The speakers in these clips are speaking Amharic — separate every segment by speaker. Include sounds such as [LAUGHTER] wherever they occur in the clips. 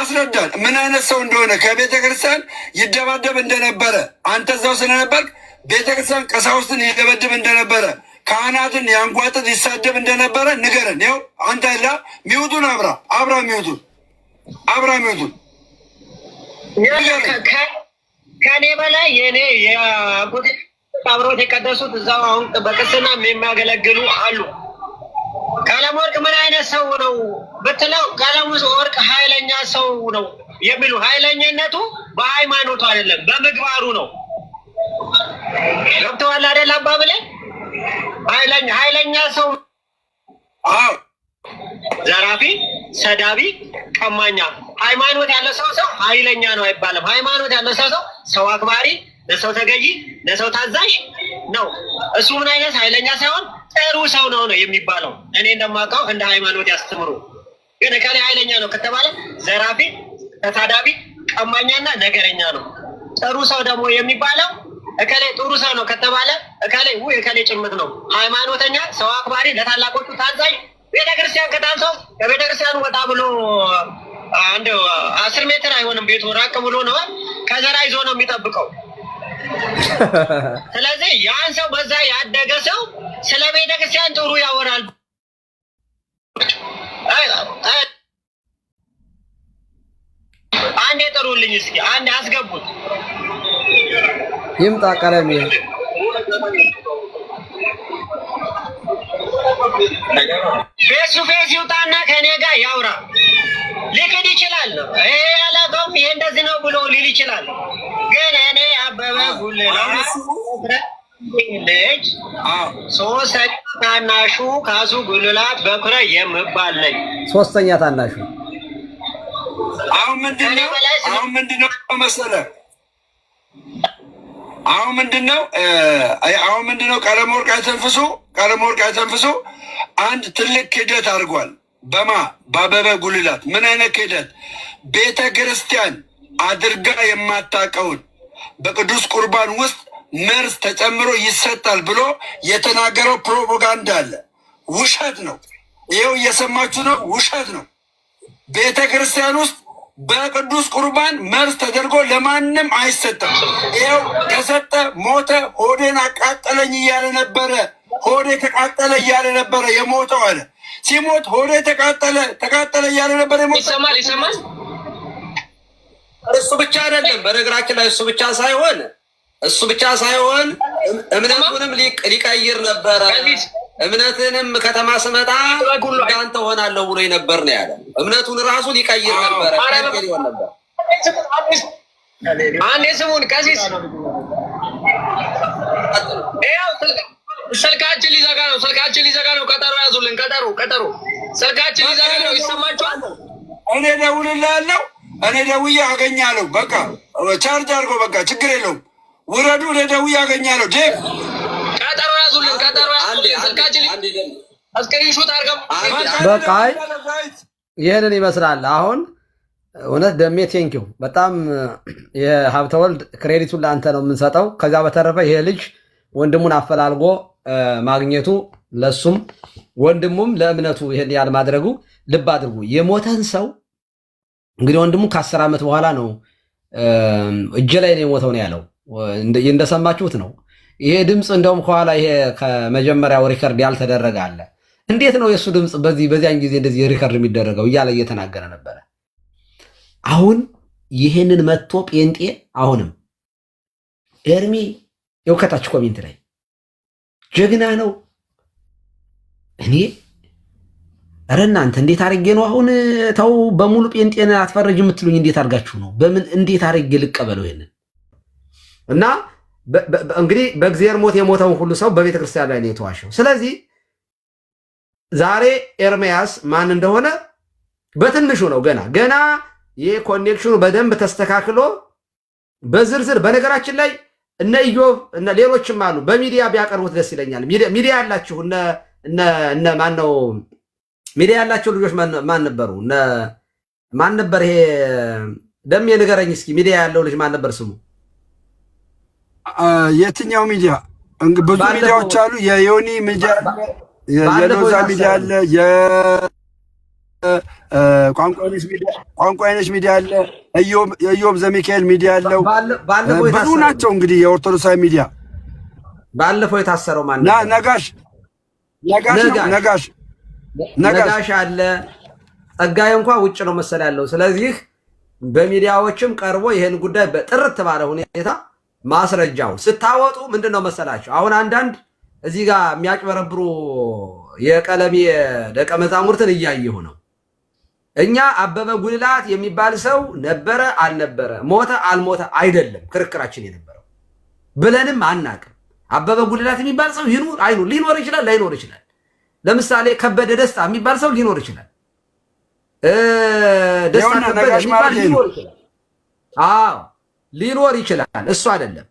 Speaker 1: አስረዳን ምን አይነት ሰው እንደሆነ ከቤተ ክርስቲያን ይደባደብ እንደነበረ አንተ እዛው ስለነበርክ ቤተ ክርስቲያን ቀሳውስትን ይደበድብ እንደነበረ ካህናትን ያንጓጥጥ ይሳደብ እንደነበረ ንገረን። ያው አንተ ላ ሚውቱን አብራ አብራ ሚውቱን አብራ ሚውቱን
Speaker 2: ከኔ በላይ የኔ የአቡት አብሮት የቀደሱት እዛው አሁን በቅስና የሚያገለግሉ አሉ። ቀለም ወርቅ ምን አይነት ሰው ነው ብትለው፣ ቀለም ወርቅ ኃይለኛ ሰው ነው የሚሉ ኃይለኝነቱ በሃይማኖቱ አይደለም በምግባሩ ነው። ገብተዋል አደል አባብለ ኃይለኛ ሰው ዘራፊ፣ ሰዳቢ፣ ቀማኛ። ሃይማኖት ያለ ሰው ሰው ኃይለኛ ነው አይባልም። ሃይማኖት ያለ ሰው ሰው ሰው አክባሪ፣ ለሰው ተገዢ፣ ለሰው ታዛዥ ነው። እሱ ምን አይነት ኃይለኛ ሳይሆን ጥሩ ሰው ነው ነው የሚባለው። እኔ እንደማውቀው እንደ ሃይማኖት ያስተምሩ። ግን እከሌ ኃይለኛ ነው ከተባለ ዘራፊ፣ ተሳዳቢ፣ ቀማኛና ነገረኛ ነው። ጥሩ ሰው ደግሞ የሚባለው እከሌ ጥሩ ሰው ነው ከተባለ እከሌ ው እከሌ ጭምት ነው፣ ሃይማኖተኛ፣ ሰው አክባሪ፣ ለታላቆቹ ታዛኝ፣ ቤተክርስቲያን ከታን ከቤተክርስቲያኑ ወጣ ብሎ አንድ አስር ሜትር አይሆንም ቤቱ ራቅ ብሎ ነው ከዘራ ይዞ ነው የሚጠብቀው ስለዚህ ያን ሰው በዛ ያደገ ሰው ስለ ቤተክርስቲያን ጥሩ ያወራል። አንድ ጥሩልኝ እስኪ አንድ አስገቡት።
Speaker 3: ይምጣ ቀለም ።
Speaker 2: ፌስ ፌስ ይውጣና ከኔ ጋር ያውራ። ሊክድ ይችላል። ይሄ ያላቀውም ይሄ እንደዚህ ነው ብሎ ሊል ይችላል። ግን እኔ አበበ ጉልላጅ ሶስተኛ ታናሹ ካሱ ጉልላት በኩረ የምባል ነኝ።
Speaker 3: ሶስተኛ ታናሹ
Speaker 1: አሁን ምንድነው አሁን ምንድነው መሰለህ አሁን ምንድነው አሁን ምንድነው ቀለመወርቅ አይተንፍሶ ቀለመወርቅ አይተንፍሶ አንድ ትልቅ ክህደት አድርጓል። በማ በአበበ ጉልላት ምን አይነት ክህደት ቤተ ክርስቲያን አድርጋ የማታውቀውን በቅዱስ ቁርባን ውስጥ መርዝ ተጨምሮ ይሰጣል ብሎ የተናገረው ፕሮፓጋንዳ አለ። ውሸት ነው። ይኸው እየሰማችሁ ነው። ውሸት ነው። ቤተ ክርስቲያን ውስጥ በቅዱስ ቁርባን መርስ ተደርጎ ለማንም አይሰጥም። ይኸው ከሰጠ ሞተ፣ ሆዴን አቃጠለኝ እያለ ነበረ። ሆዴ ተቃጠለ እያለ ነበረ የሞተው አለ። ሲሞት ሆዴ ተቃጠለ ተቃጠለ እያለ ነበረ።
Speaker 2: ይሰማል ይሰማል። እሱ ብቻ አይደለም፣ በነገራችን ላይ እሱ ብቻ ሳይሆን እሱ ብቻ ሳይሆን እምነቱንም ሊቀይር ነበረ እምነትንም ከተማ ስመጣ እንዳንተ ሆናለሁ ብሎ ነበር ነው ያለ። እምነቱን ራሱ ሊቀይር ነበረ ነበር። አንዴ ስሙን ቀሲስ ስልካችን ሊዘጋ ነው። ስልካችን ሊዘጋ ነው። ቀጠሮ ያዙልን። ቀጠሮ ቀጠሮ ስልካችን ሊዘጋ ነው። ይሰማችኋል።
Speaker 1: እኔ ደውልልሃለሁ። እኔ ደውዬ አገኛለሁ። በቃ ቻርጅ አድርጎ በቃ ችግር የለውም። ውረዱ። እኔ ደውዬ አገኛለሁ ዴቭ
Speaker 3: በቃ ይህንን ይመስላል። አሁን እውነት ደሜ ቴንኪው በጣም የሀብተ ወልድ ክሬዲቱን ለአንተ ነው የምንሰጠው። ከዛ በተረፈ ይሄ ልጅ ወንድሙን አፈላልጎ ማግኘቱ ለሱም ወንድሙም ለእምነቱ ይህን ያል ማድረጉ ልብ አድርጉ። የሞተን ሰው እንግዲህ ወንድሙ ከአስር ዓመት በኋላ ነው እጅ ላይ ነው የሞተው ነው ያለው። እንደሰማችሁት ነው። ይሄ ድምፅ እንደውም ከኋላ ይሄ ከመጀመሪያው ሪከርድ ያልተደረገ አለ። እንዴት ነው የእሱ ድምፅ በዚህ በዚያን ጊዜ እንደዚህ ሪከርድ የሚደረገው እያለ እየተናገረ ነበረ። አሁን ይህንን መጥቶ ጴንጤ አሁንም ኤርሚ የውከታች ኮሜንት ላይ ጀግና ነው። እኔ እረ እናንተ እንዴት አድርጌ ነው አሁን ተው፣ በሙሉ ጴንጤን አትፈረጅ የምትሉኝ እንዴት አድርጋችሁ ነው? በምን እንዴት አድርጌ ልቀበለው ይሄንን እና እንግዲህ በእግዚአብሔር ሞት የሞተውን ሁሉ ሰው በቤተ ክርስቲያን ላይ ነው የተዋሸው። ስለዚህ ዛሬ ኤርምያስ ማን እንደሆነ በትንሹ ነው ገና ገና ይህ ኮኔክሽኑ በደንብ ተስተካክሎ በዝርዝር በነገራችን ላይ እነ ኢዮብ እነ ሌሎችም አሉ በሚዲያ ቢያቀርቡት ደስ ይለኛል። ሚዲያ ያላችሁ እነ ማን ነው ሚዲያ ያላቸው ልጆች ማን ነበሩ? ማን ነበር ይሄ ደም የንገረኝ እስኪ ሚዲያ ያለው ልጅ ማን ነበር ስሙ?
Speaker 1: የትኛው ሚዲያ? ብዙ ሚዲያዎች አሉ። የዮኒ ሚዲያ የሎዛ ሚዲያ አለ፣ ቋንቋ አይነች ሚዲያ አለ፣ ኢዮብ ዘሚካኤል ሚዲያ አለው። ብዙ ናቸው እንግዲህ የኦርቶዶክሳዊ ሚዲያ።
Speaker 3: ባለፈው የታሰረው ማን?
Speaker 1: ነጋሽ ነጋሽ
Speaker 3: ነጋሽ አለ። ጸጋዬ እንኳ ውጭ ነው መሰል ያለው። ስለዚህ በሚዲያዎችም ቀርቦ ይህን ጉዳይ በጥርት ባለ ሁኔታ ማስረጃው ስታወጡ ምንድን ነው መሰላቸው? አሁን አንዳንድ እዚህ ጋር የሚያጭበረብሩ የቀለም ደቀ መዛሙርትን እያየሁ ነው። እኛ አበበ ጉልላት የሚባል ሰው ነበረ አልነበረ፣ ሞተ አልሞተ አይደለም ክርክራችን የነበረው ብለንም አናቅም። አበበ ጉልላት የሚባል ሰው ይኑር አይኑር ሊኖር ይችላል ላይኖር ይችላል። ለምሳሌ ከበደ ደስታ የሚባል ሰው ሊኖር ይችላል። ደስታ
Speaker 1: ከበደ የሚባል ሊኖር ይችላል።
Speaker 3: አዎ ሊኖር ይችላል። እሱ አይደለም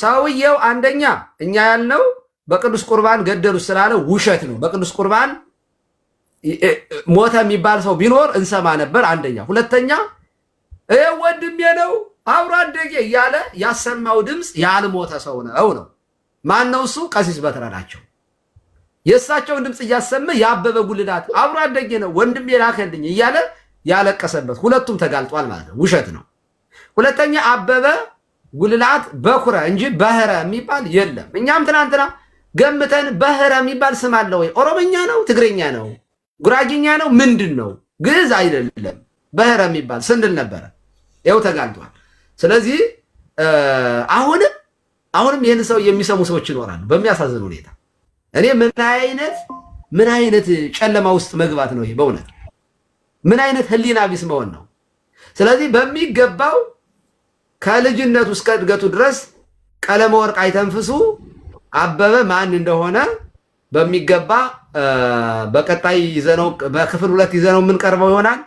Speaker 3: ሰውየው። አንደኛ እኛ ያልነው በቅዱስ ቁርባን ገደሉት ስላለ ውሸት ነው። በቅዱስ ቁርባን ሞተ የሚባል ሰው ቢኖር እንሰማ ነበር። አንደኛ። ሁለተኛ ወንድሜ ነው አብሮ አደጌ እያለ ያሰማው ድምፅ ያልሞተ ሰው ነው ነው። ማን ነው እሱ? ቀሲስ በትረ ናቸው። የእሳቸውን ድምፅ እያሰመ የአበበ ጉልላት አብሮ አደጌ ነው ወንድሜ ላከልኝ እያለ ያለቀሰበት ሁለቱም ተጋልጧል ማለት ነው። ውሸት ነው። ሁለተኛ አበበ ጉልላት በኩረ እንጂ በህረ የሚባል የለም። እኛም ትናንትና ገምተን በህረ የሚባል ስም አለ ወይ? ኦሮምኛ ነው? ትግረኛ ነው? ጉራጌኛ ነው? ምንድን ነው? ግዕዝ አይደለም። በህረ የሚባል ስንል ነበረ። ይኸው ተጋልጧል። ስለዚህ አሁንም አሁንም ይህን ሰው የሚሰሙ ሰዎች ይኖራሉ። በሚያሳዝን ሁኔታ እኔ ምን አይነት ምን አይነት ጨለማ ውስጥ መግባት ነው ይሄ? በእውነት ምን አይነት ህሊና ቢስ መሆን ነው? ስለዚህ በሚገባው ከልጅነቱ እስከ እድገቱ ድረስ ቀለመ ወርቅ አይተንፍሱ አበበ ማን እንደሆነ በሚገባ በቀጣይ ይዘነው በክፍል ሁለት ይዘነው የምንቀርበው ይሆናል።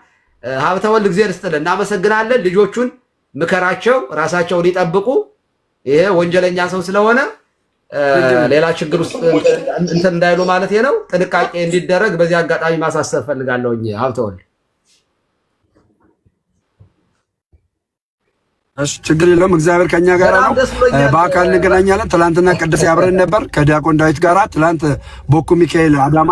Speaker 3: ሀብተወልድ እግዚአብሔር ይስጥልን፣ እናመሰግናለን። ልጆቹን ምከራቸው፣ ራሳቸውን ይጠብቁ። ይሄ ወንጀለኛ ሰው ስለሆነ ሌላ ችግር ውስጥ እንትን እንዳይሉ ማለት ነው ጥንቃቄ እንዲደረግ በዚህ አጋጣሚ ማሳሰብ ፈልጋለሁኝ ሀብተወልድ
Speaker 1: እሺ ችግር የለውም። እግዚአብሔር ከኛ ጋር ነው። በአካል እንገናኛለን። ትላንትና ቅዱስ ያብረን ነበር ከዲያቆን ዳዊት ጋራ ትላንት ቦኩ ሚካኤል አዳማ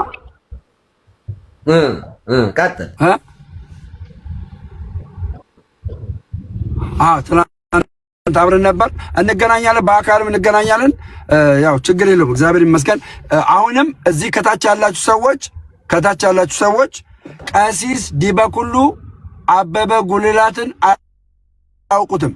Speaker 1: ትላንት አብረን ነበር። እንገናኛለን፣ በአካልም እንገናኛለን። ያው ችግር የለውም። እግዚአብሔር ይመስገን። አሁንም እዚህ ከታች ያላችሁ ሰዎች ከታች ያላችሁ ሰዎች ቀሲስ ዲበኩሉ አበበ ጉልላትን አያውቁትም።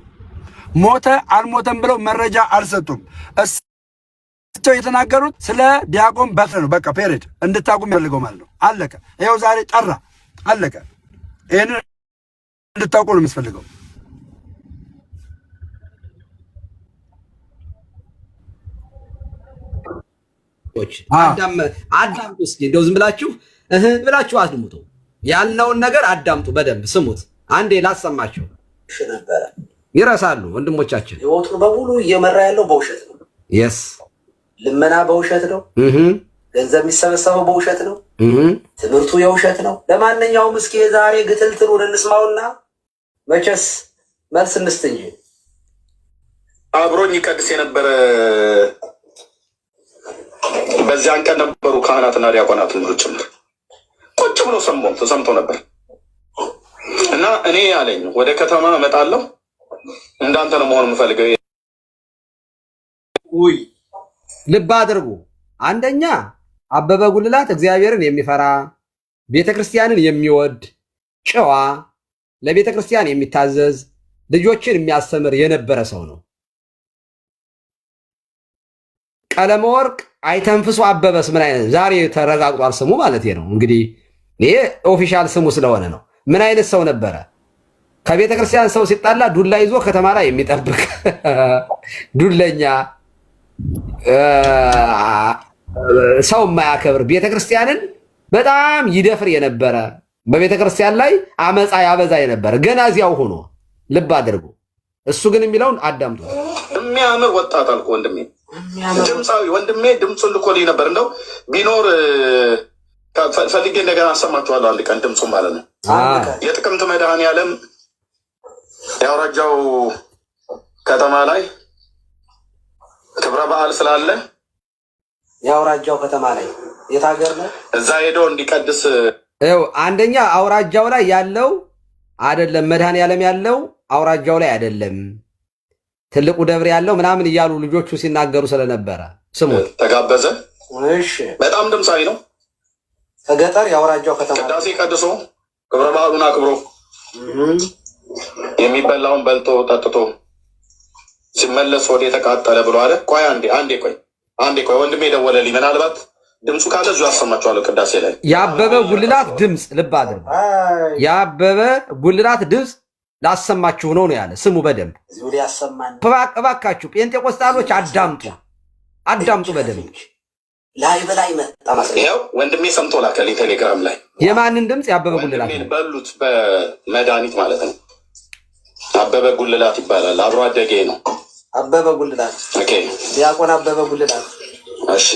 Speaker 1: ሞተ አልሞተም ብለው መረጃ አልሰጡም። እሳቸው የተናገሩት ስለ ዲያቆን በትረ ነው። በቃ ፔሬድ እንድታቁም የሚፈልገው ማለት ነው። አለቀ። ይኸው ዛሬ ጠራ፣ አለቀ። ይህን እንድታውቁ ነው የምትፈልገው።
Speaker 3: አዳምጡ እስኪ፣ እንደው ዝም ብላችሁ ብላችሁ አድምጡ። ያለውን ነገር አዳምጡ፣ በደንብ ስሙት። አንዴ ላሰማችሁ። ነበረ። ይረሳሉ ወንድሞቻችን።
Speaker 2: ህይወቱን በሙሉ እየመራ ያለው በውሸት ነው። የስ ልመና በውሸት ነው። ገንዘብ የሚሰበሰበው በውሸት ነው። ትምህርቱ የውሸት ነው። ለማንኛውም እስኪ የዛሬ ግትልትሉን እንስማውና መቼስ መልስ እንስት እንጂ
Speaker 1: አብሮኝ ይቀድስ የነበረ በዚያን ቀን ነበሩ ካህናትና ዲያቆናት ጭምር ቁጭ ብሎ ሰምቶ ነበር። እና እኔ ያለኝ ወደ ከተማ እመጣለሁ እንዳንተ ነው መሆን የምፈልገው።
Speaker 3: ውይ ልብ አድርጉ። አንደኛ አበበ ጉልላት እግዚአብሔርን የሚፈራ ቤተ ክርስቲያንን የሚወድ ጨዋ፣ ለቤተ ክርስቲያን የሚታዘዝ ልጆችን የሚያስተምር የነበረ ሰው ነው። ቀለመ ወርቅ አይተንፍሱ አበበስ ምን አይነት ዛሬ ተረጋግጧል ስሙ ማለት ነው። እንግዲህ ይሄ ኦፊሻል ስሙ ስለሆነ ነው። ምን አይነት ሰው ነበረ? ከቤተ ክርስቲያን ሰው ሲጣላ ዱላ ይዞ ከተማ ላይ የሚጠብቅ [LAUGHS] ዱለኛ፣ ሰው የማያከብር ቤተ ክርስቲያንን በጣም ይደፍር የነበረ በቤተ ክርስቲያን ላይ አመፃ ያበዛ የነበረ ገና እዚያው ሆኖ ልብ አድርጎ እሱ ግን የሚለውን አዳምጡ።
Speaker 1: የሚያምር ወጣት አልኩ ወንድሜ ድምፃዊ ወንድሜ ድምፁን ልኮልኝ ነበር። እንደው ቢኖር ፈልጌ እንደገና አሰማችኋለሁ አንድ ቀን ድምፁ ማለት ነው። የጥቅምት መድሃን ዓለም የአውራጃው ከተማ ላይ ክብረ በዓል ስላለ
Speaker 2: የአውራጃው ከተማ ላይ የት ሀገር ነው?
Speaker 1: እዛ ሄዶ እንዲቀድስ
Speaker 3: ው አንደኛ አውራጃው ላይ ያለው አይደለም መድሃን ዓለም ያለው አውራጃው ላይ አይደለም ትልቁ ደብር ያለው ምናምን እያሉ ልጆቹ ሲናገሩ ስለነበረ ስሙ
Speaker 1: ተጋበዘ። በጣም ድምፃዊ ነው።
Speaker 2: ከገጠር የአውራጃው
Speaker 1: ከተማ ቅዳሴ ቀድሶ ክብረ በዓሉን አክብሮ የሚበላውን በልቶ ጠጥቶ ሲመለስ ወደ የተቃጠለ ብሎ አለ። ቆይ አንዴ አንዴ ቆይ አንዴ ቆይ ወንድሜ የደወለልኝ ምናልባት ድምፁ ካለ እዚሁ አሰማችኋለሁ። ቅዳሴ ላይ
Speaker 3: የአበበ ጉልላት ድምፅ ልብ አድርግ። ያበበ ጉልላት ድምፅ ላሰማችሁ ነው ነው ያለ። ስሙ በደንብ እባካችሁ ጴንጤቆስጣሎች አዳምጡ፣ አዳምጡ በደንብ
Speaker 2: ላይ በላይ መጣ
Speaker 1: ማለት ነው። ወንድሜ ሰምቶ ላከልኝ ቴሌግራም ላይ
Speaker 3: የማንን ድምፅ? የአበበ ጉልላት
Speaker 1: በሉት በመድኃኒት ማለት ነው። አበበ ጉልላት ይባላል። አብሮ አደጌ ነው።
Speaker 2: አበበ ጉልላት ዲያቆን አበበ ጉልላት።
Speaker 1: እሺ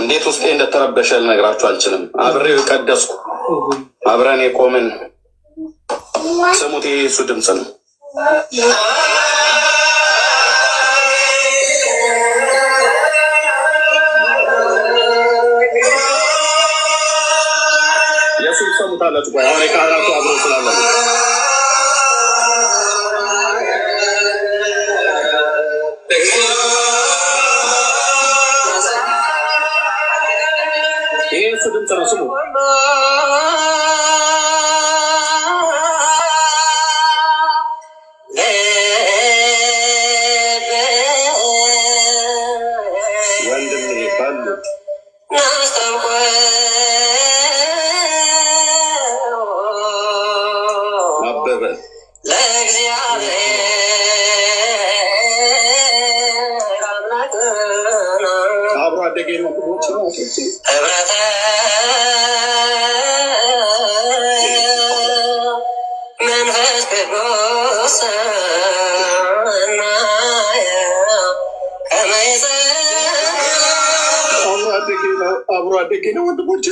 Speaker 1: እንዴት ውስጤ እንደተረበሸ ልነግራችሁ አልችልም። አብሬው የቀደስኩ አብረን የቆምን ስሙት፣ የሱ ድምፅ ነው የስብሰሙት አለት ቆይ አሁን የካህናቱ አብሮ ስላለ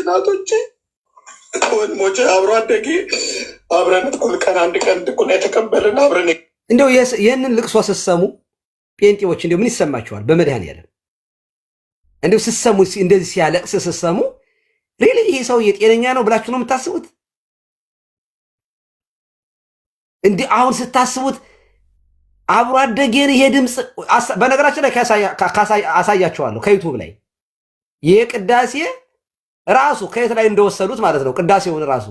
Speaker 1: እናቶቼ፣ ወንድሞቼ፣ አብሮ አደጌ አብረን እኩል ቀን አንድ ቀን ድቁና የተቀበልን አብረን
Speaker 3: እንደው ይህንን ልቅሶ ስሰሙ ጴንጤዎች እንዲሁ ምን ይሰማችኋል? በመድኃኔዓለም እንዲሁ ስሰሙ እንደዚህ ሲያለቅስ ስሰሙ ሪሊ ይሄ ሰውዬ ጤነኛ ነው ብላችሁ ነው የምታስቡት? እንዲህ አሁን ስታስቡት አብሮ አደጌን ይሄ ድምፅ በነገራችን ላይ አሳያችኋለሁ ከዩቱብ ላይ ይሄ ቅዳሴ ራሱ ከየት ላይ እንደወሰዱት ማለት ነው ቅዳሴውን ራሱ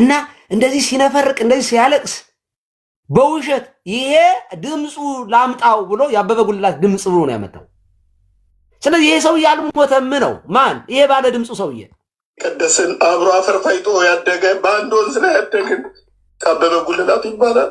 Speaker 3: እና እንደዚህ ሲነፈርቅ እንደዚህ ሲያለቅስ በውሸት ይሄ ድምፁ ላምጣው ብሎ ያበበ ጉልላት ድምፅ ብሎ ነው ያመጣው። ስለዚህ ይሄ ሰውዬ አልሞተም ነው ማን ይሄ ባለ ድምፁ ሰውዬ
Speaker 1: ቅድስን አብሮ አፈርፋይጦ ያደገ በአንድ ወንዝ ላይ ያደግን ከአበበ ጉልላት ይባላል።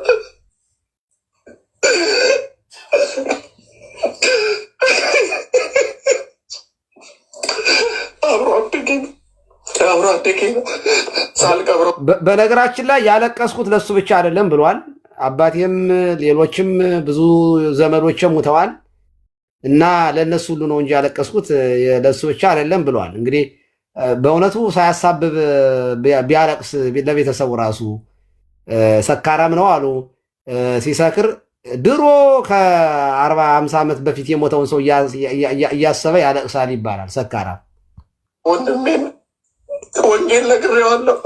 Speaker 1: ሳልቀብረው
Speaker 3: በነገራችን ላይ ያለቀስኩት ለሱ ብቻ አይደለም ብሏል። አባቴም ሌሎችም ብዙ ዘመዶች ሙተዋል እና ለእነሱ ሁሉ ነው እንጂ ያለቀስኩት ለሱ ብቻ አይደለም ብሏል። እንግዲህ በእውነቱ ሳያሳብብ ቢያለቅስ ለቤተሰቡ ራሱ ሰካራም ነው አሉ። ሲሰክር ድሮ ከአርባ አምሳ ዓመት በፊት የሞተውን ሰው እያሰበ ያለቅሳል ይባላል ሰካራም
Speaker 1: ወንድሜ ወንጌል ነግሬዋለሁ።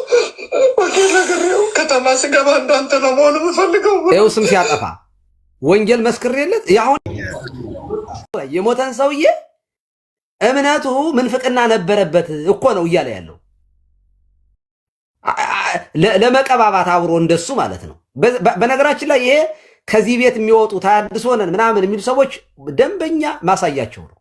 Speaker 1: ወንጌል ነግሬው ከተማ ስገባ እንዳንተ የምፈልገው
Speaker 3: ይኸው ስም ሲያጠፋ ወንጌል መስክሬለት የሞተን ሰውዬ እምነቱ ምንፍቅና ነበረበት እኮ ነው እያለ ያለው ለመቀባባት አብሮ እንደሱ ማለት ነው። በነገራችን ላይ ይሄ ከዚህ ቤት የሚወጡ ታድሶ ነን ምናምን የሚሉ ሰዎች ደንበኛ ማሳያቸው ነው።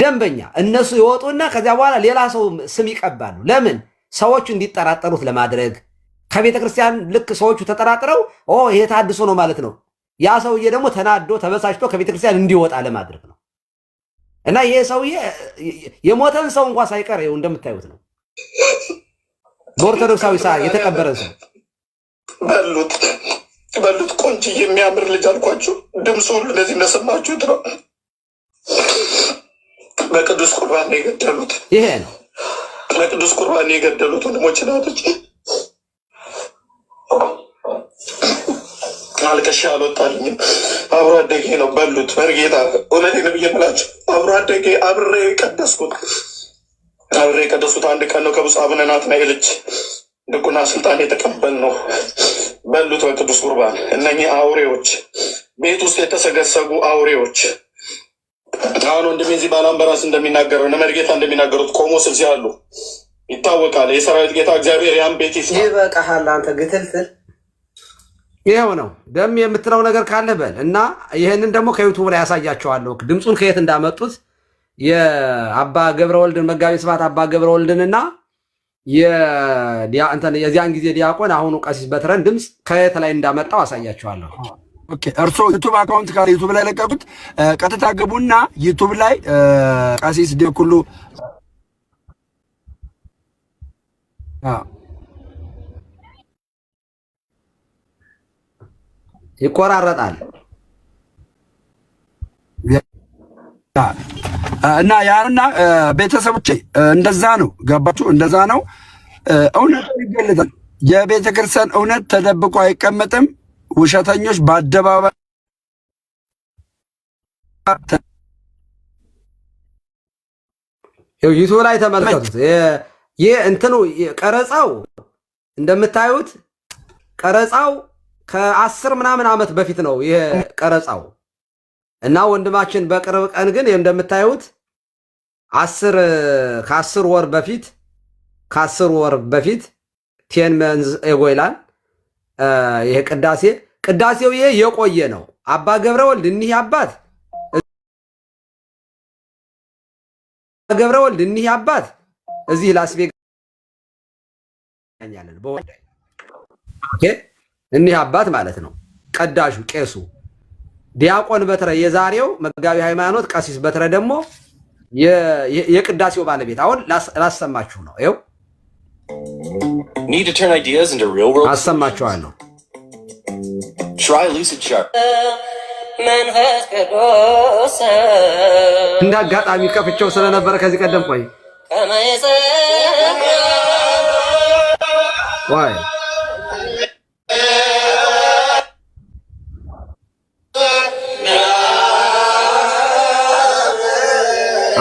Speaker 3: ደንበኛ እነሱ ይወጡና ከዚያ በኋላ ሌላ ሰው ስም ይቀባሉ። ለምን? ሰዎቹ እንዲጠራጠሩት ለማድረግ ከቤተ ክርስቲያን ልክ ሰዎቹ ተጠራጥረው ይሄ ታድሶ ነው ማለት ነው። ያ ሰውዬ ደግሞ ተናዶ ተበሳጭቶ ከቤተ ክርስቲያን እንዲወጣ ለማድረግ ነው። እና ይሄ ሰውዬ የሞተን ሰው እንኳ ሳይቀር ይኸው እንደምታዩት ነው። በኦርቶዶክሳዊ ሰ የተቀበረ ሰው
Speaker 1: በሉት በሉት። ቆንጆ የሚያምር ልጅ አልኳችሁ። ድምፁ ሁሉ እንደዚህ እንደሰማችሁት ነው። በቅዱስ ቁርባን ነው የገደሉት። ይሄ ነው በቅዱስ ቁርባን ነው የገደሉት። ወንድሞች ናቶች አልቀሻ አልወጣልኝም። አብሮ አደጌ ነው በሉት። በርጌታ እውነት ነው ምላቸው አብሮ አደጌ አብሬ የቀደስኩት አብሬ የቀደስኩት አንድ ቀን ነው ከብፁዕ አቡነ ናትናኤል ልጅ ድቁና ስልጣን የተቀበል ነው በሉት። በቅዱስ ቁርባን እነኚህ አውሬዎች ቤት ውስጥ የተሰገሰጉ አውሬዎች አሁን ወንድሜ እዚህ ባላምበራስ እንደሚናገረው መርጌታ እንደሚናገሩት ቆሞስ እዚህ አሉ ይታወቃል። የሰራዊት ጌታ እግዚአብሔር ያን ቤት ይስ
Speaker 2: ይበቃሃል። አንተ ግትልትል
Speaker 3: ይኸው ነው ደም የምትለው ነገር ካለ በል እና ይህንን ደግሞ ከዩቱብ ላይ ያሳያቸዋለሁ። ድምፁን ከየት እንዳመጡት የአባ ገብረወልድን መጋቢ ስብሐት አባ ገብረወልድንና የዚያን ጊዜ ዲያቆን አሁኑ ቀሲስ በትረን ድምፅ ከየት ላይ እንዳመጣው አሳያቸዋለሁ።
Speaker 1: ኦኬ እርሶ ዩቱብ አካውንት ካለ ዩቱብ ላይ ለቀቁት። ቀጥታ ግቡና ዩቱብ ላይ ቀሲስ ዲኩሉ
Speaker 3: ይቆራረጣል
Speaker 1: እና ያንና ቤተሰቦቼ እንደዛ ነው። ገባችሁ? እንደዛ ነው። እውነት ይገለጣል። የቤተክርስቲያን እውነት ተደብቆ አይቀመጥም። ውሸተኞች በአደባባይ
Speaker 3: ዩቱ ላይ ተመልከቱት። ይህ እንትኑ ቀረጻው እንደምታዩት ቀረጻው ከአስር ምናምን ዓመት በፊት ነው ይሄ ቀረጻው እና ወንድማችን በቅርብ ቀን ግን እንደምታዩት አስር ከአስር ወር በፊት ከአስር ወር በፊት ቴን መንዝ ኤጎ ይላል ይሄ ቅዳሴ ቅዳሴው ይሄ የቆየ ነው። አባ ገብረ ወልድ እኒህ አባት ገብረ ወልድ እኒህ አባት እዚህ ላስቬጋኛለን በወዳይ እኒህ አባት ማለት ነው። ቀዳሹ ቄሱ ዲያቆን በትረ የዛሬው መጋቢ ሃይማኖት፣ ቀሲስ በትረ ደግሞ የቅዳሴው ባለቤት። አሁን ላሰማችሁ ነው። ይኸው አሰማችኋለሁ። እንደ አጋጣሚ ከፍቼው ስለነበረ ከዚህ ቀደም ቆይ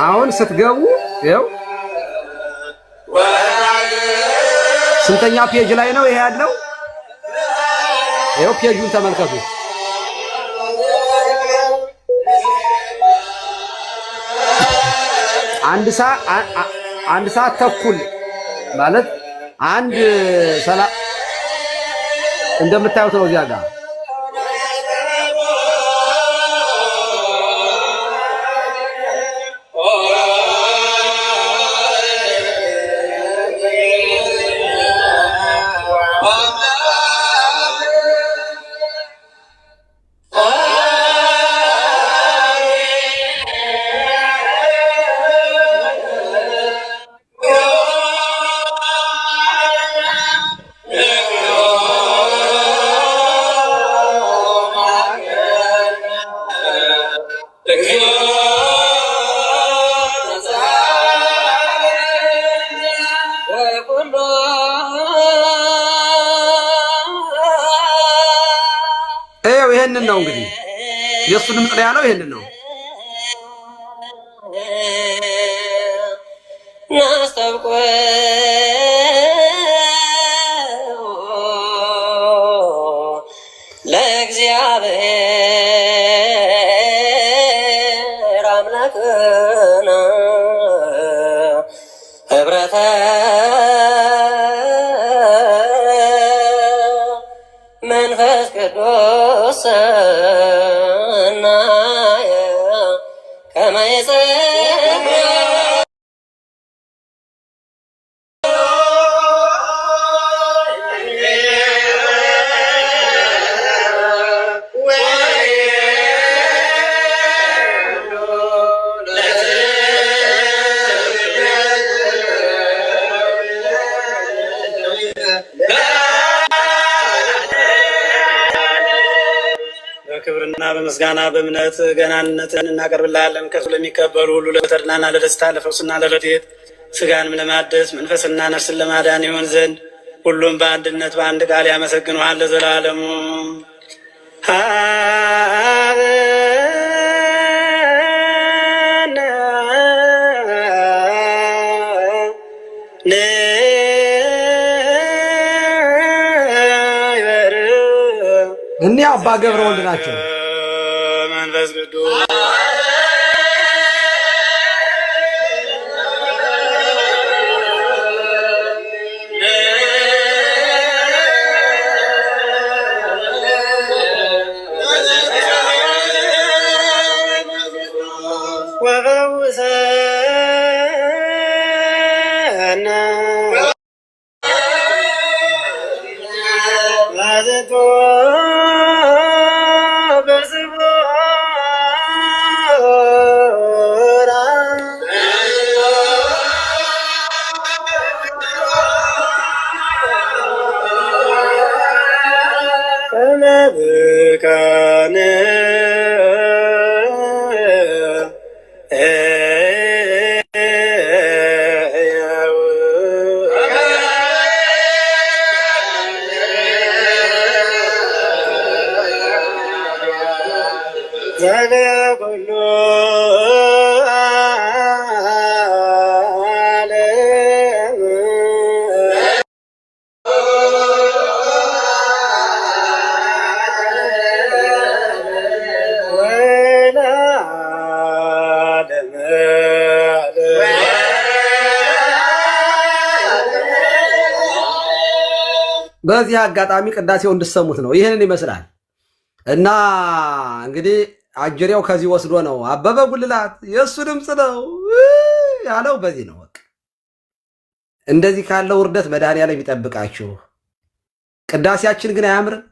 Speaker 3: አሁን ስትገቡ ይኸው ስንተኛ ፔጅ ላይ ነው ይሄ ያለው? ይኸው ፔጁን ተመልከቱ። አንድ ሰዓት አንድ ሰዓት ተኩል ማለት አንድ ሰላ እንደምታዩት ነው እዚያ ጋር ይሄንን ነው እንግዲህ የእሱ ድምፅ ነው ያለው። ይሄንን ነው ናስተብቆ ቅዱስና
Speaker 1: ከመይዘ በምስጋና በእምነት ገናንነትን እናቀርብልሃለን። ከሱ ለሚቀበሉ ሁሉ ለተድናና ለደስታ ለፈውስና ለረድኤት ስጋንም ለማደስ መንፈስና ነፍስን ለማዳን ይሆን ዘንድ ሁሉም በአንድነት በአንድ ቃል ያመሰግንሃል ለዘላለሙ።
Speaker 3: እኒህ አባ ገብረ ወልድ ናቸው። መንፈስ ቅዱስ As በዚህ አጋጣሚ ቅዳሴው እንድሰሙት ነው። ይህንን ይመስላል እና እንግዲህ አጅሬው ከዚህ ወስዶ ነው አበበ ጉልላት የእሱ ድምፅ ነው ያለው። በዚህ ነው በቃ እንደዚህ ካለው ውርደት ያለ ይጠብቃችሁ። ቅዳሴያችን ግን አያምርም።